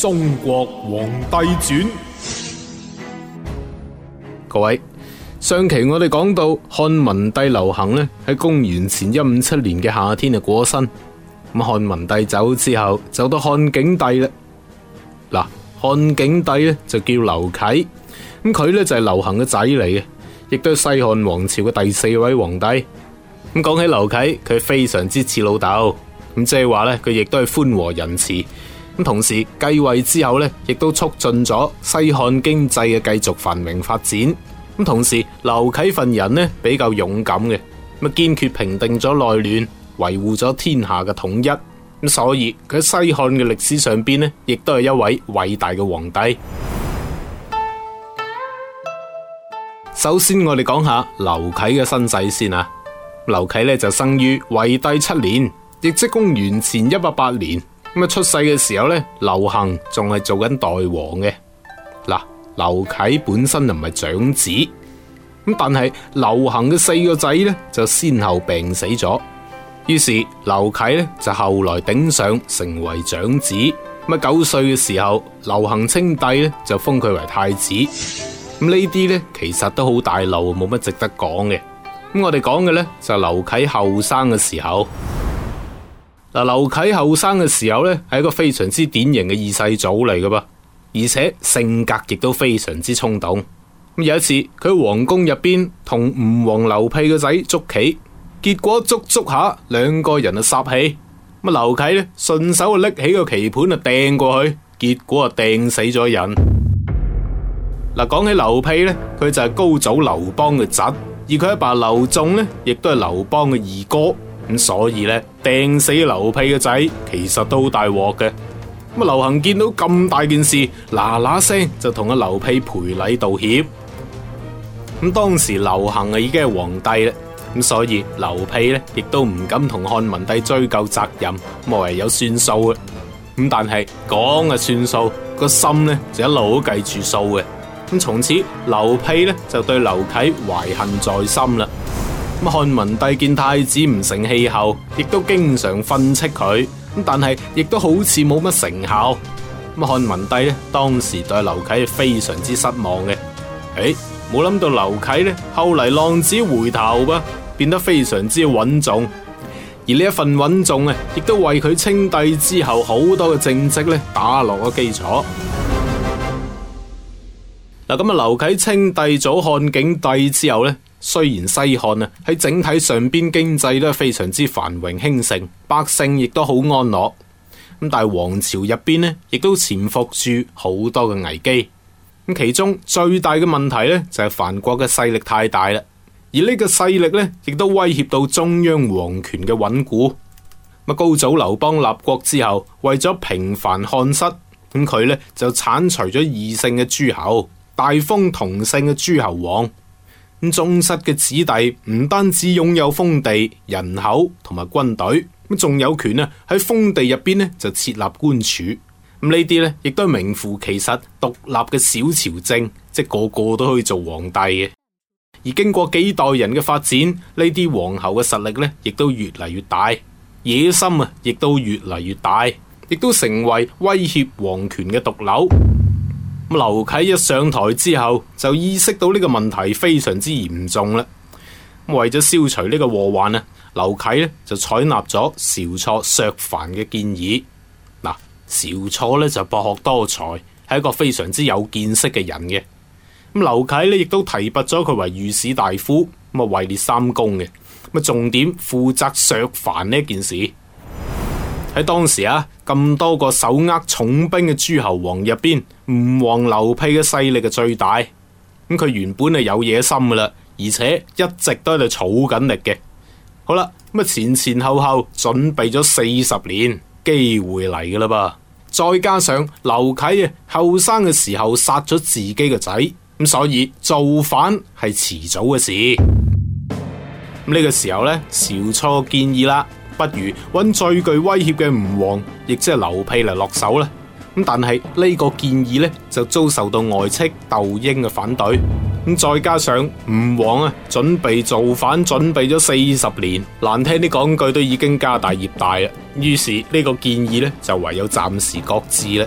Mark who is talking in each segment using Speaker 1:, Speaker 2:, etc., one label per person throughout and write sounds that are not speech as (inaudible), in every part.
Speaker 1: 中國皇帝傳，各位，上期我哋講到漢文帝劉恆咧，喺公元前一五七年嘅夏天就過身。咁漢文帝走之後，就到漢景帝啦。嗱，漢景帝咧就叫劉啟，咁佢咧就係劉恆嘅仔嚟嘅，亦都係西漢王朝嘅第四位皇帝。咁講起劉啟，佢非常之似老豆，咁即係話咧，佢亦都係寬和仁慈。同時繼位之後咧，亦都促進咗西漢經濟嘅繼續繁榮發展。咁同時，劉啟份人咧比較勇敢嘅，咁堅決平定咗內亂，維護咗天下嘅統一。咁所以佢喺西漢嘅歷史上邊咧，亦都係一位偉大嘅皇帝。 (music) 首先，我哋講下劉啟嘅身世先啊。劉啟咧就生於惠帝七年，亦即公元前一八八年。咁出世嘅時候呢，劉恆仲係做緊代王嘅。嗱，劉啟本身又唔係長子，咁但係劉恆嘅四個仔呢，就先後病死咗，於是劉啟呢，就後來頂上成為長子。咁九歲嘅時候，劉恆稱帝呢就封佢為太子。咁呢啲呢，其實都好大路，冇乜值得講嘅。咁我哋講嘅呢，就劉啟後生嘅時候。嗱，劉啟後生嘅時候呢，係一個非常之典型嘅二世祖嚟嘅噃，而且性格亦都非常之衝動。咁有一次，佢喺皇宮入邊同吳王劉濞個仔捉棋，結果捉捉下兩個人啊殺起，咁啊劉啟呢順手啊拎起個棋盤啊掟過去，結果啊掟死咗人。嗱，講起劉濞呢，佢就係高祖劉邦嘅侄，而佢阿爸劉仲呢，亦都係劉邦嘅二哥。咁所以呢，掟死劉濞嘅仔其實都大鑊嘅。咁啊，劉恒見到咁大件事，嗱嗱聲就同阿劉濞賠禮道歉。咁當時劉恒啊已經係皇帝啦，咁所以劉濞呢亦都唔敢同漢文帝追究責任，無謂有算數嘅。咁但係講啊算數，個心呢，就一路都計住數嘅。咁從此劉濞呢就對劉啟懷恨在心啦。咁漢文帝見太子唔成氣候，亦都經常訓斥佢。但係亦都好似冇乜成效。咁漢文帝咧當時對劉啟非常之失望嘅。誒，冇諗到劉啟呢後嚟浪子回頭噃，變得非常之穩重。而呢一份穩重亦都為佢稱帝之後好多嘅政績打落個基礎。嗱咁啊！劉啟稱帝祖漢景帝之後咧，雖然西漢啊喺整體上邊經濟都非常之繁榮興盛，百姓亦都好安樂。咁但係皇朝入邊呢，亦都潛伏住好多嘅危機。咁其中最大嘅問題咧，就係藩國嘅勢力太大啦，而呢個勢力咧，亦都威脅到中央皇權嘅穩固。咁啊，高祖劉邦立國之後，為咗平反漢室，咁佢咧就剷除咗異姓嘅諸侯。大封同姓嘅諸侯王，咁宗室嘅子弟唔單止擁有封地，人口同埋軍隊，咁仲有權咧喺封地入邊咧就設立官署。咁呢啲咧亦都係名副其實獨立嘅小朝政，即係個個都可以做皇帝嘅。而經過幾代人嘅發展，呢啲皇后嘅實力咧亦都越嚟越大，野心啊亦都越嚟越大，亦都成為威脅皇權嘅毒瘤。咁劉啟一上台之後，就意識到呢個問題非常之嚴重啦。為咗消除呢個禍患啊，劉啟咧就採納咗晁錯削藩嘅建議。嗱，晁錯呢就博學多才，係一個非常之有見識嘅人嘅。咁劉啟呢亦都提拔咗佢為御史大夫，咁啊位列三公嘅。咁啊重點負責削藩呢件事喺當時啊。咁多個手握重兵嘅諸侯王入邊，吳王劉濞嘅勢力嘅最大。咁佢原本係有野心噶啦，而且一直都喺度儲緊力嘅。好啦，咁啊前前後後準備咗四十年機會嚟嘅啦噃，再加上劉啟啊，後生嘅時候殺咗自己嘅仔，咁所以造反係遲早嘅事。咁、這、呢個時候呢，晁錯建議啦。不如揾最具威脅嘅吳王，亦即係劉濞嚟落手啦。咁但係呢個建議呢，就遭受到外戚竇嬰嘅反對。咁再加上吳王啊，準備造反準備咗四十年，難聽啲講句都已經家大業大啦。於是呢個建議呢，就唯有暫時擱置啦。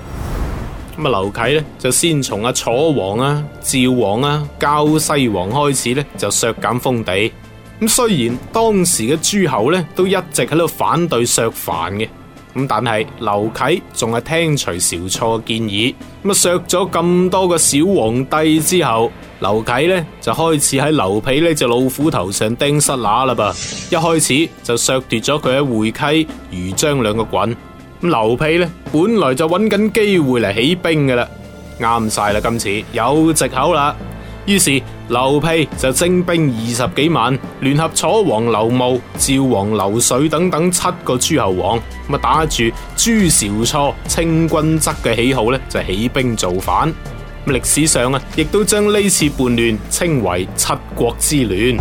Speaker 1: 咁啊，劉啟呢就先從阿楚王啊、趙王啊、膠西王開始呢就削減封地。咁雖然當時嘅諸侯呢都一直喺度反對削藩嘅，咁但係劉啟仲係聽隨晁錯嘅建議，咁啊削咗咁多個小皇帝之後，劉啟呢就開始喺劉濞呢隻老虎頭上釘虱乸啦噃，一開始就削奪咗佢喺會稽、豫章兩個郡。咁劉濞呢本來就揾緊機會嚟起兵噶啦，啱晒啦今次有借口啦。於是劉辟就徵兵二十幾萬，聯合楚王劉戊、趙王劉遂等等七個諸侯王，咁啊打住誅晁錯、清君側嘅喜好呢就是、起兵造反。咁歷史上啊，亦都將呢次叛亂稱為七國之亂。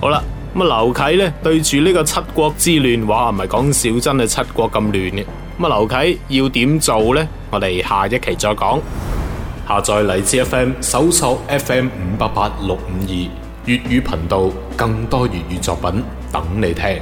Speaker 1: 好啦，咁啊劉啟呢對住呢個七國之亂，哇唔係講笑，真係七國咁亂嘅。咁啊劉啟要點做呢？我哋下一期再講。下載荔枝 FM，搜索 FM 五八八六五二，粵語頻道，更多粵語作品等你聽。